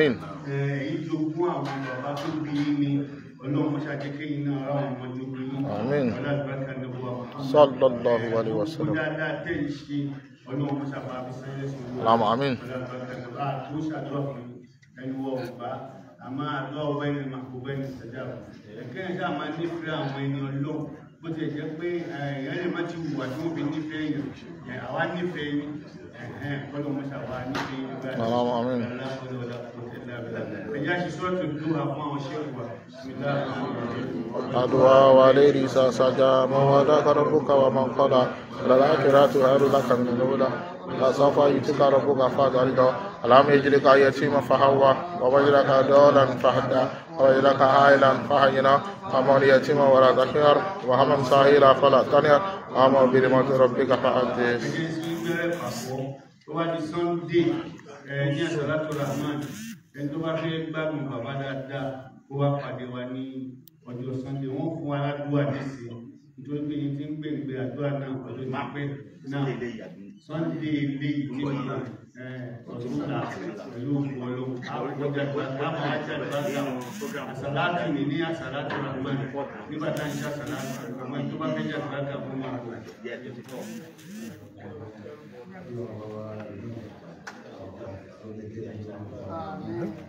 ẹ̀yin jogún àwọn bàbá tó sallallahu alaihi wa aláàbákan ní wa tó ṣàdúrà fún ẹni wọ ọba àmọ́ àdúrà ọba ẹni màkúbẹ́ ẹni sẹ́dá ẹ̀kẹ́ ẹ̀dá àwọn ẹni ọlọ́run bó ti jẹ́ pé ẹ̀yẹ́ lè má ti wù wá tí wọ́n fi nífẹ̀ẹ́ yẹn àwa nífẹ̀ẹ́ yẹn يقولوا ما شاء الله اللهم امين لا حول ولا قوه الا بالله يا سوره الدوها ما هو بسم الله الرحمن الرحيم ادعو وليلي سجا ما ولاك ربك ومن قضى للآخرة خير لك من الأولى لسوف يؤتيك ربك فترضى ألم يجدك يتيما فهوى ووجدك ضالا فهدى ووجدك عائلا فهينا ومن يتيم ولا تحير وهم ساهلا فلا تنهر وأمر برمة ربك فأنت pàpọ̀ tó bá di sunday ẹ ní àsàlátù rahman ẹni tó bá fẹ́ gbádùn bàbá dáadáa kó wá pàdé wa ní ọjọ́ sunday wọ́n fún wa ládùúgbà nísì nítorí pé yìí ti ń gbèǹgbè àdúrà náà ọjọ́ ìmápẹ́ náà sunday eléyìí ti ń bá ọ̀túnla pẹ̀lú ọ̀pọ̀lọ́ àpọ̀jàgbàgbà àsàlátù ní ní àsàlátù rahman nígbà tá à ń ṣe àsàlátù rahman tó bá fẹ́ jàgbàgbà fún wa. Amén.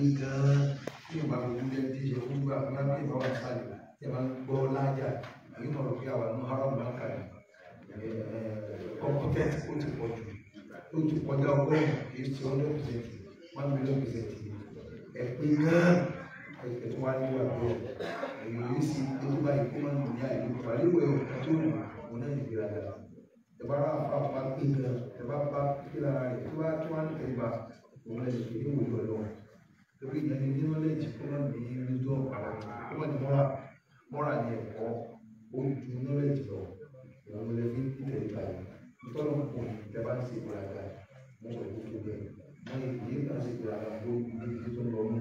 pé gan-an tí ìgbà wo ló lẹ́nu tí ìṣòro gbogbo àwọn bá ìgbà wà sálẹ̀ tí a máa ń gbọ́ lájà àbí untuk lókè àwọn ọmọ haram bá ń kà ní kọ́mpútẹ́tì ó ti pọ̀ jù ó ti kọjá ọgọ́rùn-ún kì í ṣe ọdún pẹ̀sẹ̀tì one million pẹ̀sẹ̀tì ẹ̀ pé gan-an ẹ̀ tó wá níwà bẹ́ẹ̀ èyí ò sí tó báyìí kó máa torí ìyẹn ní knowledge kó má bí lójú ọ̀pá kó má ní mọ́ra mọ́ra ní ẹ̀kọ́ ó ju knowledge lọ òun lè fi tẹ̀lé báyìí nítorí wọn kò ní tẹ́ bá ń ṣe ìgbéraga mo sọ fún tó bẹ́ẹ̀ ní ìdí ìgbà ṣe ìgbéraga ló ń gbé ibi tó ń lọ mú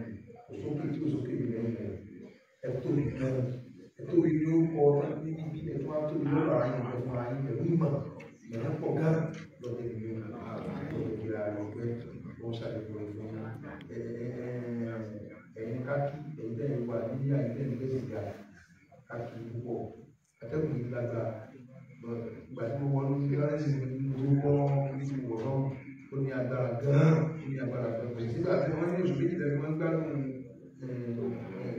òsókè tí òsókè yìí lẹ́yìn rẹ̀ ẹ̀tọ́ ìgbẹ́ ẹ̀tọ́ ìlú ọkọ̀ ní ibi ẹ̀tọ́ àtọ́ ìlú ọ̀rọ̀ ayé káàkì ẹ̀yìn tẹ̀ ń wà nílé àyè tẹ̀ ń gbé sìgá káàkì púpọ̀ àtẹ̀kùn yìí lágbà ìgbà tí mo wọnú sí ọ́rẹ́sì mi mo wọ́ oríṣi wọ̀ náà ó ní agbára gan-an ó ní agbára gan-an kò sígbà tí wọ́n ní oṣù méjì tẹ̀lé wọ́n gbádùn eh,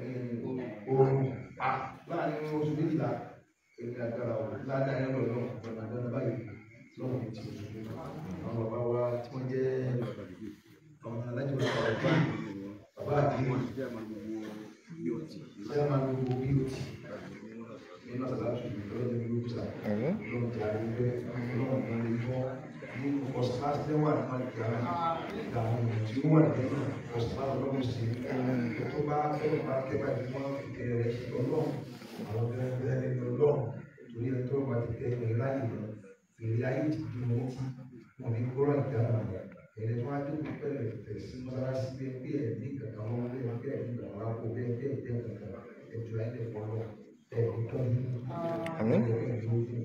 eh, eh, oorun pa láàrin oṣù méjìlá ó ní agbára ọ̀rọ̀ ládàá ẹ̀rọ náà ọ̀nà àgbọ̀nà báyìí lọ́wọ́ mi ti oṣù làwọn tí ó wà nínú ọ̀sán ọlọ́run sí ní tó bá fẹ́ràn bá tẹ́ bá ti mọ́ ìkẹrẹ rẹ̀ sí ọlọ́run àwọn tó ń bẹ́ẹ̀ nínú ọlọ́run torí ẹ̀ tó bá ti tẹ́ ẹ̀ láyé lọ èrè ayé ti di mọ́ tí wọn ní kúrọ̀ ìdáhùn ẹ̀rẹ́ tó wá dé kó pẹ̀lẹ́ fẹ̀ sí mọ́sálásí bẹ́ẹ̀ bí ẹ̀ ní kankan wọn bẹ́ẹ̀ bẹ́ẹ̀ ní kankan wọn kó bẹ́ẹ̀ bẹ́ẹ̀ bẹ́ẹ̀ kankan ẹ̀jọ̀ ayé lè pọ̀ lọ ẹ̀ ní tọ́jú. àmín.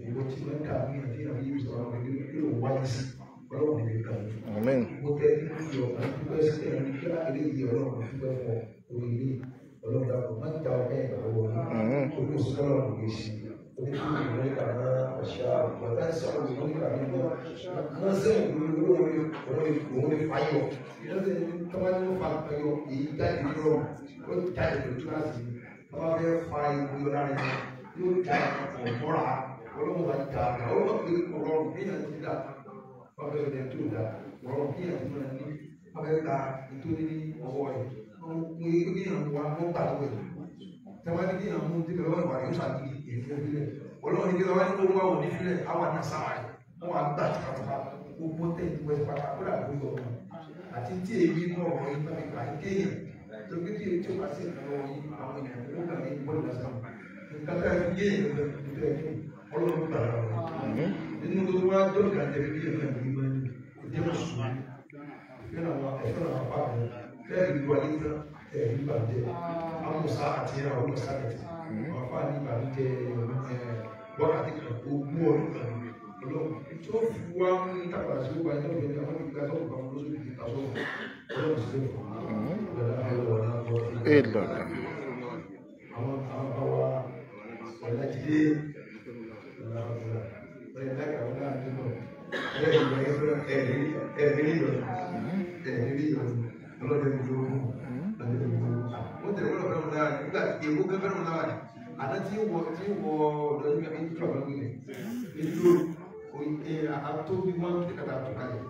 ìwọ tí wọn kà ní àdéhùn yìí sọ̀rọ̀ ọ̀gbìn ní kí ló wáyé sí ọlọ́run ní Amen. Gbogbo ẹni kò yọ ọ̀gá dúpẹ́ sí ẹni kí láàrin yìí ọlọ́run dúpẹ́ fún orí ilé ọlọ́run dàpọ̀ má da ọ̀gá ẹ̀ lọ́wọ́ yìí. Olú sọ́rọ̀ kò lè ṣe. Oníkùnrin ìlú ní kàmá ọ̀ṣà ọ̀gá sọ̀rọ̀ ìlú ní kàmá ìlú náà. Wọ́n sẹ́yìn ìlú olóore òun lè fàyọ̀. Ìjọ́sẹ̀ tọ́wá ní wọ́n fa ayọ̀ èyí jáde lọ́rùn. Ó jáde lójú láti tọ́wá fẹ́ fa ìwúyọ lára yóò jáde ọ̀bọ̀ra. Olóhùn wa jà ọ̀rọ̀ pé kò rọrùn bí ìyàn ti dà ọbẹ̀ rẹ̀ tó dà wọ́n bí àdúrà ní ọbẹ̀ ta nítorí ní ọwọ́ rẹ̀ wọ́n pé kí èèyàn wá wọ́n gbà lọ́wọ́ rẹ̀ tẹ́wọ́ ní kí èèyàn mú dípẹ́ lọ́wọ́ ìwà rẹ̀ yóò ṣàdí èèyàn bílẹ̀ ọlọ́run ní kí lọ́wọ́ ní kó wá òní bílẹ̀ àwọn àdásáwà rẹ̀ wọ́n wá gbà tàkàtàkà gbogbo tẹ̀ ìwé pátá kó dà lóyún ọ̀run àti tí èmi mú ọ̀rọ̀ yìí bá mi gbà kéèyàn tó gbé tí ètò wá sí ìrànlọ́wọ́ nínú sùn nínú àwọn ẹ̀fọ́n àwọn apá rẹ̀ lẹ́yìn ìlú ayé tán ẹ̀rí ìbàjẹ́ amúsá àti ẹ̀rọ amúsá àti ọ̀fà ní ìbàjẹ́ wákàtí kan ogún ọdún kan ọlọ́run tí ó fi wá ń tàbí àná tí wọ tí wọ ọ̀dọ̀ yìí kàbí níjọ ọ̀dọ̀ nílẹ̀ nílò àtó bí wọn kí kàtà tó kalẹ̀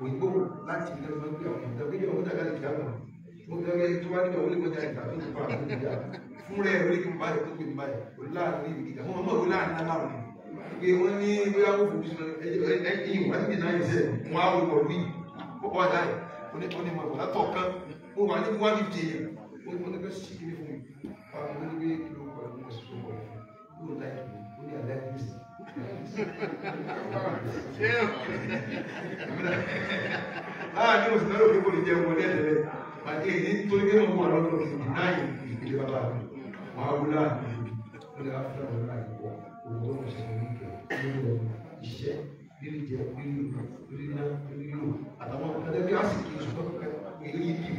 òyìnbó láti ilé ọmọ ìgbé àwọn ìdàgbé yìí ọmọ ìdàgbé yìí àwọn mo gbẹgbẹ tó wá nígbà wọlé kọjá ìgbà tó ti bá àwọn ìgbà fún rẹ orí kí n báyìí tó gbèmí báyìí oláàrin ìbí gíga wọn mọ oláàrin aláàrin pé wọn ní bóyá wọn fòbí sọ ẹ̀yìn wọn ti náà ṣe wọn á wọ wí kókó ọjà yìí onímọ̀ ìgbà tó kán wọn wà ní wọn á fi dè é wọn ní wọn ní bẹ́ẹ̀ sí i. láàrin ní òsìnà lókè kò lè jẹ ọmọdé ẹ̀tẹ̀lẹ̀ àti èyí tó ní kéwọn wà lọ́dọ̀ òsìnà náà ìdílé bàbá mi wà á wúlá mi ó lè áfíà wọn náà ìwọ òwúrọ̀ òsìnà ní ìkẹ́ lórí ọmọ iṣẹ́ lílì jẹ lílù lílà lílù àtàwọn ọmọdé bí àsìkò ìṣòro ilé yìí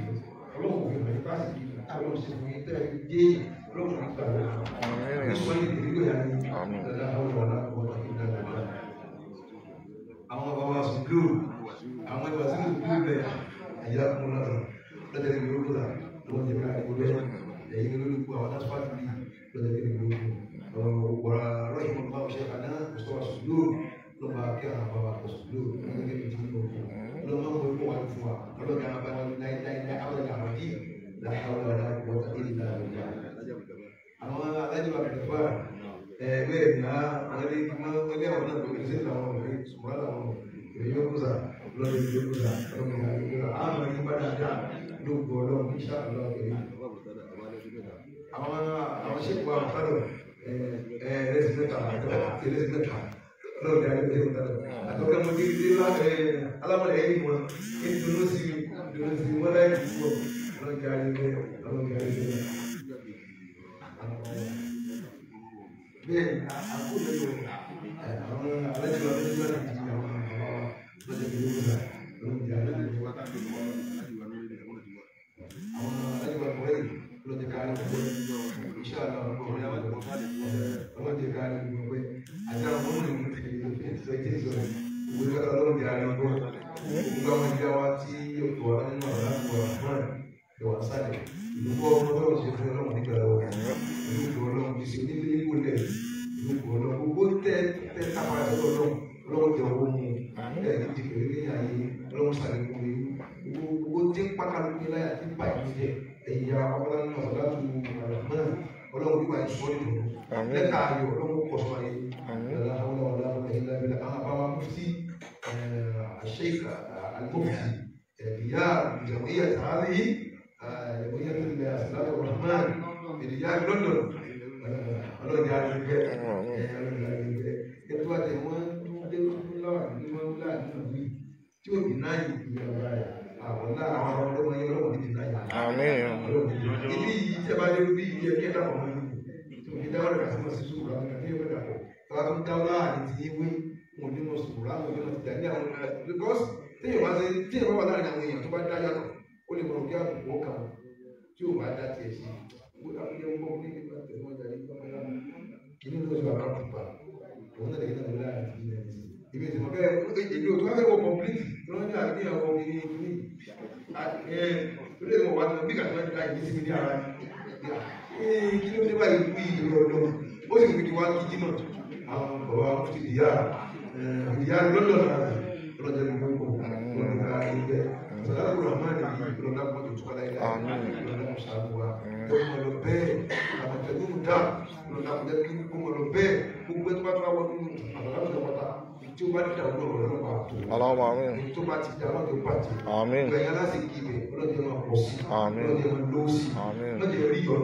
ọlọ́run òfin rẹ̀ bá sì àwọn òṣèlú yìí tẹ̀lé dé ọlọ́run ìgbà rẹ̀ blue àwọn ìwàsílù blue bẹ àyíká kún lọ́rọ̀ lọ́jọ́ ìgbè ó kúrà lọ́wọ́ jẹ́ mẹ́ta kó bẹ́ẹ̀ ẹ̀yìn lórí kú àwọn láti fàtí bí lọ́jọ́ ìgbè ó kú wọ́n rọ́yìn mọ́ bá ọ̀ṣẹ́ àná mùsùlùmá sùlù ló bá kí àwọn bàbá kò sùlù lọ́jọ́ ìgbè ó kú lọ́wọ́ mọ́ ìkó wà fún wa lọ́jọ́ àwọn bá láìláìláì àwọn ọ̀dà àwọn ìyókùsà lọ́dún ìyókùsà lọ́dún ìyókùsà àmọ́ nípa dáadáa ló gbọ́ ọlọ́run iṣẹ́ àlọ́ ìyá. àwọn àwọn ṣèkú àwọn fẹ́lẹ̀ ẹ̀ ẹ̀rẹ́sì mẹ́ta àjọ ẹ̀rẹ́sì mẹ́ta lọ́dún ìyá ẹ̀rẹ́sì mẹ́ta àtọ́kẹ́ mo ti dé alámọ̀lẹ̀ ẹ̀yìn wọn ń dunú sí dunú sí wọn láì dúró lọ́dún ìyá ẹ̀rẹ́sì lọ́dún ìyá ẹ̀rẹ́sì bẹ́ẹ̀ àkóso àwọn alẹ́ Ọlọ́run tẹ tẹ tábà ẹ̀ lọ́wọ́ ọlọ́run ọlọ́run jẹ́ owó mú àmúlẹ̀ ní jìkìrì ní ayé ọlọ́run sàlẹ̀kùn ní gbogbo tí ń pàkàlù ní láyà tí bá ìlú jẹ ẹ̀yà ọmọdé náà láti wù àlàmọ́nà ọlọ́run nípa ìṣọ́ ìdùnnú lẹ́ka ayọ̀ ọlọ́run kọ̀ sọ ayé lọ́la eh, eh, eh, ọlọ́run ọlọ́run ọlọ́run ọlọ́run àwọn bá wa mú sí الشيخ المفتي رياض dia هذه جمعية الإسلام الرحمن برياض لندن ọlọ́run ní àdúgbò ẹ̀ ẹ̀ ẹ̀ ẹ̀ ẹ̀ ẹ̀ ẹ̀ ẹ̀ ẹ̀ ẹ̀ ẹ̀ tí ò ní yìí àwọn àwọn ọmọ yẹn ọlọ́mọ ní náà yìí. àmín. ibi yìí tẹ́ bá dé bí iye kí ẹ dàpọ̀ yìí tó ní dáwọ́ rẹ̀ kásìmọ̀ sí sùúrù àwọn ẹ̀kẹ́ ìwé dàpọ̀ tọ́lá ń dáwọ́ àti ti ewé wọn ní mọ̀ àwọn ẹ̀kẹ́ wọn ti dà ní àwọn ẹ̀kẹ́ because téèyàn bá ṣe téèyàn bá wà láàrin àwọn èèyàn tó bá dá yàtọ̀ ó lè mọ̀ kí kí èmi ò sì mọ̀ bẹ́ẹ̀ èmi ò tó wá fẹ́ wọ kọ̀m̀plìtì tí wọ́n ní àbí àwọn ọmọ ìní ìní ẹ̀ tó lè mọ̀ wá ní bí kàtó ẹ̀ka ìdí sí mi ní ara ni kí ló dé báyìí wí ìlú ọ̀dọ́ ó sì fi wá kí jímọ̀ àwọn bàbá ti ìyá ìyá lọ́dọ̀ náà ọlọ́jọ́ ní gbogbo ọ̀gá ilẹ̀ sọ̀rọ̀ ní ìlọ́lá mọ́tò tó kọ́lá ilẹ̀ ìlọ́lá mọ́sàlùwà ọmọ lọ bẹ́ẹ̀ àbàtẹ̀lú dà ìlọ́lá mọ́tò tó kọ́lá bẹ́ẹ̀ gbogbo ẹ̀ tó bá tó wá wọ́n nínú àbàlá tí ó bá dìda ọlọ́run ọlọ́run bá tó ọlọ́run àmín ní tó bá ti da ọlọ́run bá ti àmín gbẹ̀yìn aláṣẹ kíbe máa pọ̀ sí àmín ọlọ́run máa lọ sí àmín ọlọ́run rí yọ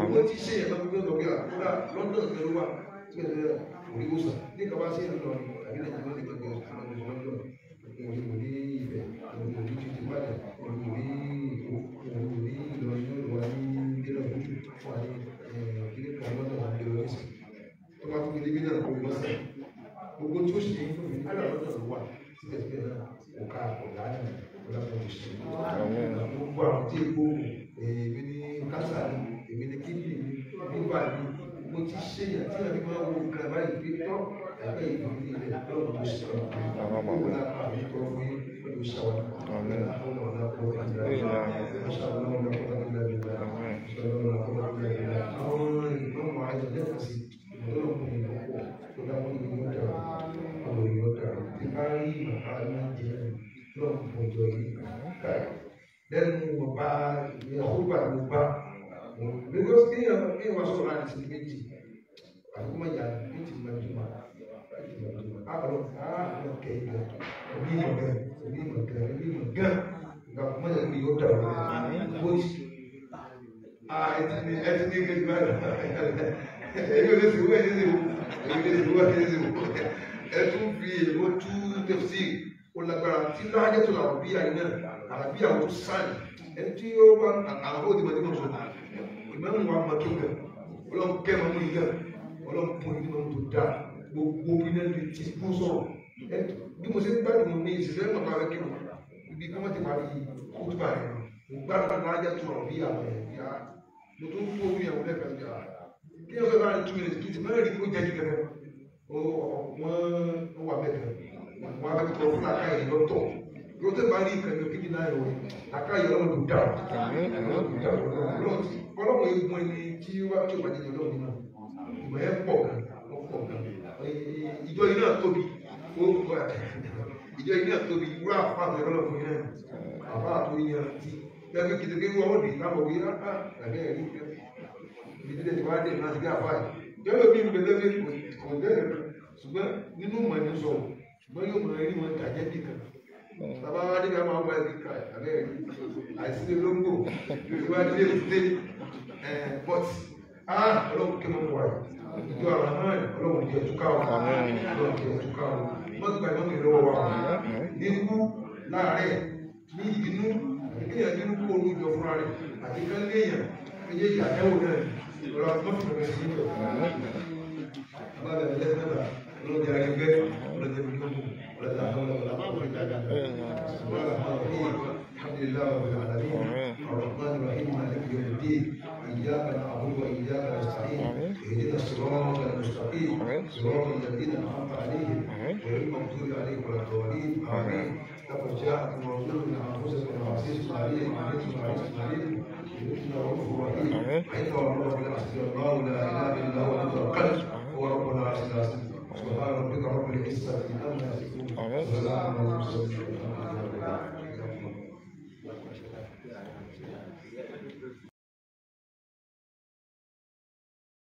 ọmọ tí ṣe yẹn lọ́dún tó gbé àkúrà lọ́dún tó lọ́wọ́ àti ìgbà tó yẹ orí wòsàn ní kaba ṣe é lọ́dún àbí nàìjíríà ní gbàgbé ọ̀sán gbogbo àwọn tí epo èmi ní kásá ni èmi ní kíndìn ní nígbà mi mo ti ṣe yà tí ẹni máa wo nǹkan báyìí pé tọ́ ẹgbẹ́ ìlú ní ilẹ̀ lọ́wọ́ tó ṣe ọ̀rọ̀ kó la àbí tọ́ fún yín ló ṣàwọn ọ̀nà àwọn ọ̀nà kó ìlà ṣàwọn ọ̀nà kó ìlà ìlà ṣàwọn ọ̀nà kó ìlà ìlà àwọn ìgbọ́n wa ayọ̀ lẹ́kọ̀ọ́ sí ìgbọ́n ìgbọ́n pọ̀ tó dáwọn ìgbọ́n dàrú ọ̀rọ̀ ìgbọ́n dàrú tí bá rí màá ní jẹ Belum muncul Dan mengubah, mengubah, mengubah. Because ini ini masuk orang di sini meji. Aku mah ya meji cuma cuma. Apa lo? Ah, oke itu. Ini megang, ini megang, ini megang. Enggak cuma yang di yoda. Ah, ini, itu ini Ini udah semua, ini semua, ini semua, ini semua. àti lágẹ́tò àràbíyà iná àràbíyà ó sáì ẹni tí ó wá àràbó òdìbò tí wọ́n sọ ìmọ̀ràn wa máa tó bẹ̀ ọlọ́run kẹ́ máa mú ilé ọlọ́run kún ìdí máa tó dáa gbogbo bí náà lè ti kó sọ̀rọ̀ bí mo ṣe ń gbádùn ní ìṣẹ̀lẹ̀ náà máa kí wọn ibi kí wọ́n ti parí kótópà rẹ̀ mo gbádùn lágẹ́tò àràbíyà rẹ̀ yá mo tó ń kó omi ẹ̀wọ̀n lẹ́fẹ̀ẹ́ yá kí ẹ fẹ́ bá rẹ̀ two minutes kí ti wọn á bẹ tọrọ fún làákàyè lọ́tọ̀ yóò tẹ bá rí ìkànnì òkèjì náà yọ làákàyè ọlọ́run ló dà ọlọ́run egun ẹni tí wàá tó bàjẹ́ ní ọlọ́run náà ìmọ̀ ẹ̀ pọ̀ gan ó pọ̀ gan ìjọ yìí náà tóbi ó kọ́ ìjọ yìí náà tóbi wúrà àpáàtọ̀ ọlọ́run yẹn àpáàtọ̀ yẹn ti gbẹ́gbẹ́ kìtìkì wọn ó dì láwọn òbí rà á ẹ̀mí ẹ̀rí ìdílé tí wàá dé náà ti gbé àpáàtọ̀ yẹ́n lóbi ń bẹ̀rẹ̀ lé ṣùgbọ́n nínú mọ̀ ní sọ̀rọ̀ bọ́n yóò mọ̀ ẹni wọn dàjẹ́ nìkan bàbá wa dé ká máa wá ẹbí ká abẹ́ àìsílẹ̀ lóńgbò yorùbá délé dé ẹ̀ bọ́t á ọlọ́run kí wọ́n wà ìjọ àlàmọ́ẹ̀ ọlọ́run jẹ́ túká wọn ọlọ́run jẹ́ túká wọn mọ́tò gbà lọ́kẹ́ lọ́wọ́ wa ní ikú láàárẹ̀ ní inú ìpínlẹ̀ nínú kó olú jọ fúnra rẹ̀ àti kánlé èèyàn ẹ̀yẹ ìyàtẹ̀wò náà ọ̀rọ̀ àti mọ́tò rẹ̀ sí ìjọba ولن يكن له ولا حول ولا قوه الا بالله بسم الله الرحمن الرحيم الحمد لله رب العالمين الرحمن الرحيم مالك يوم الدين اياك نعبد واياك نستعين اهدنا الصراط المستقيم صراط الذين انعمت عليهم غير المغضوب عليهم ولا الضالين امين لقد جاءكم رسول من انفسكم عزيز عليهم عليكم عزيز عليهم إنه رؤوف رحيم حيث الله لا اله الا هو القلب هو ربنا العزيز العظيم سبحان ربك رب العزة عما يصفون وسلام على المرسلين